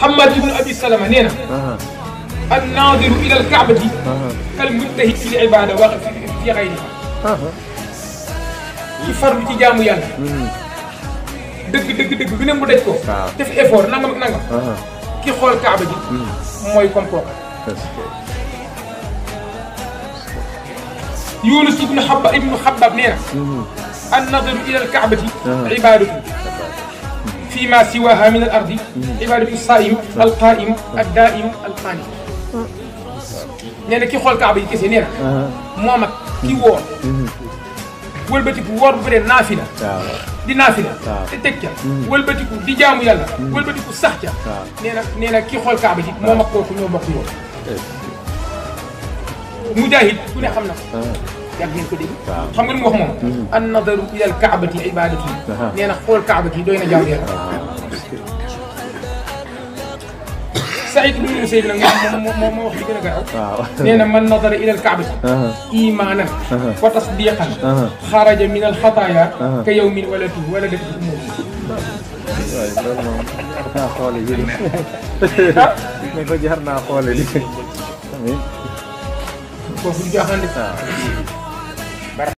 محمد بن ابي سلمه نينا أه. الناظر الى الكعبه أه. كالمنتهي في العباده واقف في غيرها أه. يفرق جامو يالا دك دك دك بنم بو كو تف افور نانغ نانغ كي خول الكعبه دي موي كوم كوكا يونس بن حبة ابن حبه نينا النظر الى الكعبه عباده فيما سواها من الارض عباد الصائم القائم الدائم القانت نانا كي خول كعبه كيسي نانا مومك كي وور ولبتك وور بري نافله دي نافله دي تكيا ولبتك دي جامو يالا ولبتك صحتيا نانا نانا كي خول كعبه مومك كوكو نيو بوك يور مجاهد كوني خمنا خم نقول مهم النظر إلى الكعبة عبادتي نحن نقول الكعبة دوينا جاوية Saïd ibn Musayyib nag moom moo moo wax li gën a gaaw. waaw nee na man nadara ila alkaabati. Uh-huh. imaanan uh-huh. wa tasdiqan. Uh-huh. xaraja min alxataaya. ka yow min wala tuub wala def du moom. waaye loolu moom naa xoole lii ne ko jar naa xoole lii. amiin. foofu du jaaxaan de. Ah.